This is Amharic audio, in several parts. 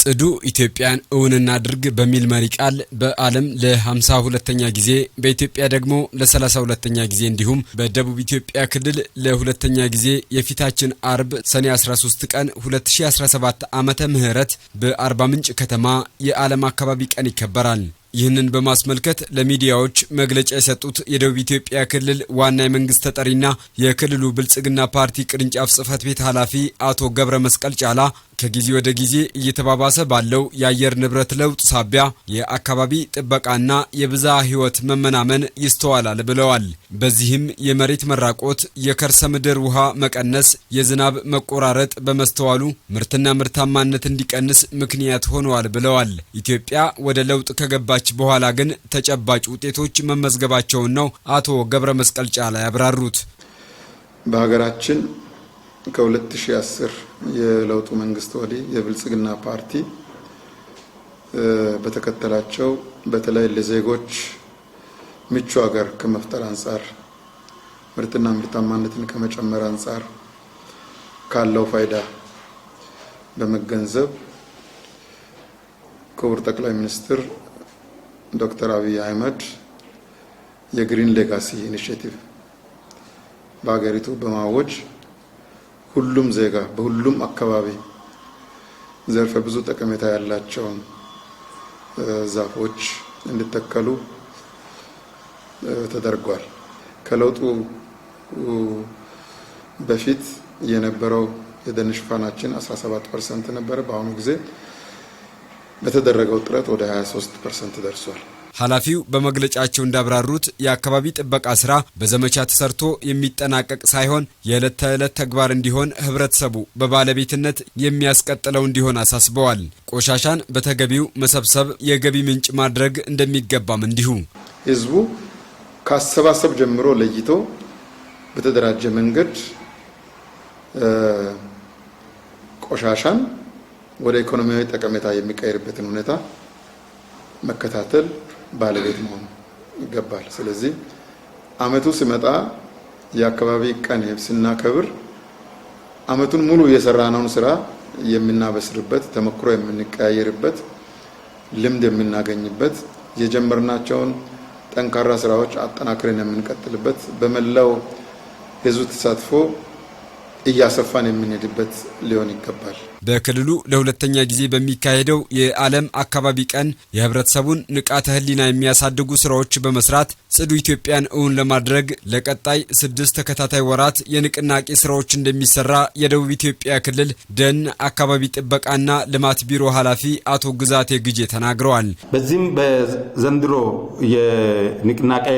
ጽዱ ኢትዮጵያን እውን እናድርግ በሚል መሪ ቃል በዓለም ለሃምሳ ሁለተኛ ጊዜ በኢትዮጵያ ደግሞ ለሰላሳ ሁለተኛ ጊዜ እንዲሁም በደቡብ ኢትዮጵያ ክልል ለሁለተኛ ጊዜ የፊታችን አርብ ሰኔ 13 ቀን 2017 ዓመተ ምህረት በአርባ ምንጭ ከተማ የዓለም አካባቢ ቀን ይከበራል። ይህንን በማስመልከት ለሚዲያዎች መግለጫ የሰጡት የደቡብ ኢትዮጵያ ክልል ዋና የመንግስት ተጠሪና የክልሉ ብልጽግና ፓርቲ ቅርንጫፍ ጽህፈት ቤት ኃላፊ አቶ ገብረ መስቀል ጫላ ከጊዜ ወደ ጊዜ እየተባባሰ ባለው የአየር ንብረት ለውጥ ሳቢያ የአካባቢ ጥበቃና የብዝሃ ሕይወት መመናመን ይስተዋላል ብለዋል። በዚህም የመሬት መራቆት፣ የከርሰ ምድር ውሃ መቀነስ፣ የዝናብ መቆራረጥ በመስተዋሉ ምርትና ምርታማነት እንዲቀንስ ምክንያት ሆነዋል ብለዋል። ኢትዮጵያ ወደ ለውጥ ከገባች በኋላ ግን ተጨባጭ ውጤቶች መመዝገባቸውን ነው አቶ ገብረ መስቀል ጫላ ያብራሩት። በሀገራችን ከ2010 የለውጡ መንግስት ወዲህ የብልጽግና ፓርቲ በተከተላቸው በተለይ ለዜጎች ምቹ ሀገር ከመፍጠር አንጻር ምርትና ምርታማነትን ከመጨመር አንጻር ካለው ፋይዳ በመገንዘብ ክቡር ጠቅላይ ሚኒስትር ዶክተር አብይ አህመድ የግሪን ሌጋሲ ኢኒሽቲቭ በሀገሪቱ በማወጅ ሁሉም ዜጋ በሁሉም አካባቢ ዘርፈ ብዙ ጠቀሜታ ያላቸውን ዛፎች እንዲተከሉ ተደርጓል። ከለውጡ በፊት የነበረው የደን ሽፋናችን 17 ፐርሰንት ነበረ። በአሁኑ ጊዜ በተደረገው ጥረት ወደ 23 ፐርሰንት ደርሷል። ኃላፊው በመግለጫቸው እንዳብራሩት የአካባቢ ጥበቃ ስራ በዘመቻ ተሰርቶ የሚጠናቀቅ ሳይሆን የዕለት ተዕለት ተግባር እንዲሆን ህብረተሰቡ በባለቤትነት የሚያስቀጥለው እንዲሆን አሳስበዋል። ቆሻሻን በተገቢው መሰብሰብ የገቢ ምንጭ ማድረግ እንደሚገባም እንዲሁ ህዝቡ ከአሰባሰብ ጀምሮ ለይቶ በተደራጀ መንገድ ቆሻሻን ወደ ኢኮኖሚያዊ ጠቀሜታ የሚቀይርበትን ሁኔታ መከታተል ባለቤት መሆን ይገባል። ስለዚህ አመቱ ሲመጣ የአካባቢ ቀን ስናከብር አመቱን ሙሉ የሰራነውን ስራ የምናበስርበት፣ ተመክሮ የምንቀያየርበት፣ ልምድ የምናገኝበት፣ የጀመርናቸውን ጠንካራ ስራዎች አጠናክረን የምንቀጥልበት በመላው ህዝብ ተሳትፎ እያሰፋን የምንሄድበት ሊሆን ይገባል። በክልሉ ለሁለተኛ ጊዜ በሚካሄደው የዓለም አካባቢ ቀን የህብረተሰቡን ንቃተ ህሊና የሚያሳድጉ ስራዎች በመስራት ጽዱ ኢትዮጵያን እውን ለማድረግ ለቀጣይ ስድስት ተከታታይ ወራት የንቅናቄ ስራዎች እንደሚሰራ የደቡብ ኢትዮጵያ ክልል ደን አካባቢ ጥበቃና ልማት ቢሮ ኃላፊ አቶ ግዛቴ ግጄ ተናግረዋል። በዚህም በዘንድሮ የንቅናቄ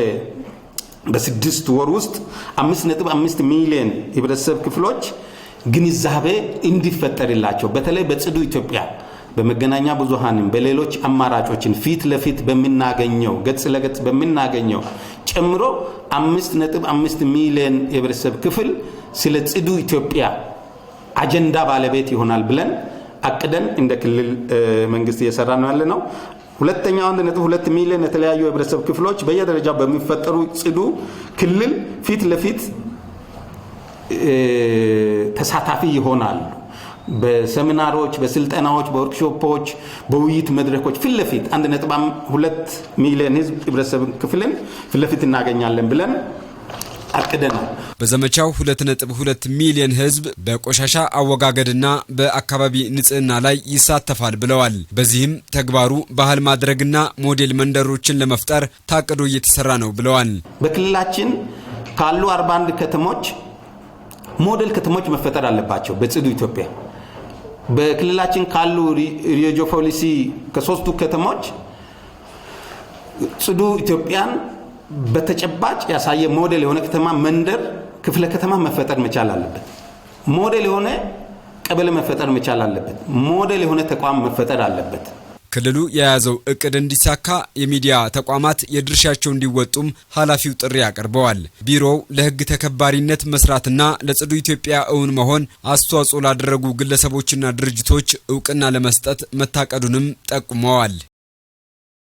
በስድስት ወር ውስጥ አምስት ነጥብ አምስት ሚሊዮን የብረተሰብ ክፍሎች ግንዛቤ እንዲፈጠርላቸው በተለይ በጽዱ ኢትዮጵያ በመገናኛ ብዙሃንም በሌሎች አማራጮችን ፊት ለፊት በምናገኘው ገጽ ለገጽ በምናገኘው ጨምሮ አምስት ነጥብ አምስት ሚሊዮን የህብረተሰብ ክፍል ስለ ጽዱ ኢትዮጵያ አጀንዳ ባለቤት ይሆናል ብለን አቅደን እንደ ክልል መንግስት እየሰራ ነው ያለ ነው። ሁለተኛ ሁለት ሚሊዮን የተለያዩ የህብረተሰብ ክፍሎች በየደረጃ በሚፈጠሩ ጽዱ ክልል ፊት ለፊት ተሳታፊ ይሆናሉ። በሰሚናሮች፣ በስልጠናዎች፣ በወርክሾፖች፣ በውይይት መድረኮች ፊት ለፊት ሁለት ሚሊዮን ህዝብ ህብረተሰብ ክፍልን ፊት ለፊት እናገኛለን ብለን አቅደናል። በዘመቻው 2.2 ሚሊዮን ህዝብ በቆሻሻ አወጋገድና በአካባቢ ንጽህና ላይ ይሳተፋል ብለዋል። በዚህም ተግባሩ ባህል ማድረግና ሞዴል መንደሮችን ለመፍጠር ታቅዶ እየተሰራ ነው ብለዋል። በክልላችን ካሉ 41 ከተሞች ሞዴል ከተሞች መፈጠር አለባቸው በጽዱ ኢትዮጵያ በክልላችን ካሉ ሪጆ ፖሊሲ ከሶስቱ ከተሞች ጽዱ ኢትዮጵያን በተጨባጭ ያሳየ ሞዴል የሆነ ከተማ መንደር፣ ክፍለ ከተማ መፈጠር መቻል አለበት። ሞዴል የሆነ ቀበሌ መፈጠር መቻል አለበት። ሞዴል የሆነ ተቋም መፈጠር አለበት። ክልሉ የያዘው እቅድ እንዲሳካ የሚዲያ ተቋማት የድርሻቸው እንዲወጡም ኃላፊው ጥሪ አቅርበዋል። ቢሮው ለሕግ ተከባሪነት መስራትና ለጽዱ ኢትዮጵያ እውን መሆን አስተዋጽኦ ላደረጉ ግለሰቦችና ድርጅቶች እውቅና ለመስጠት መታቀዱንም ጠቁመዋል።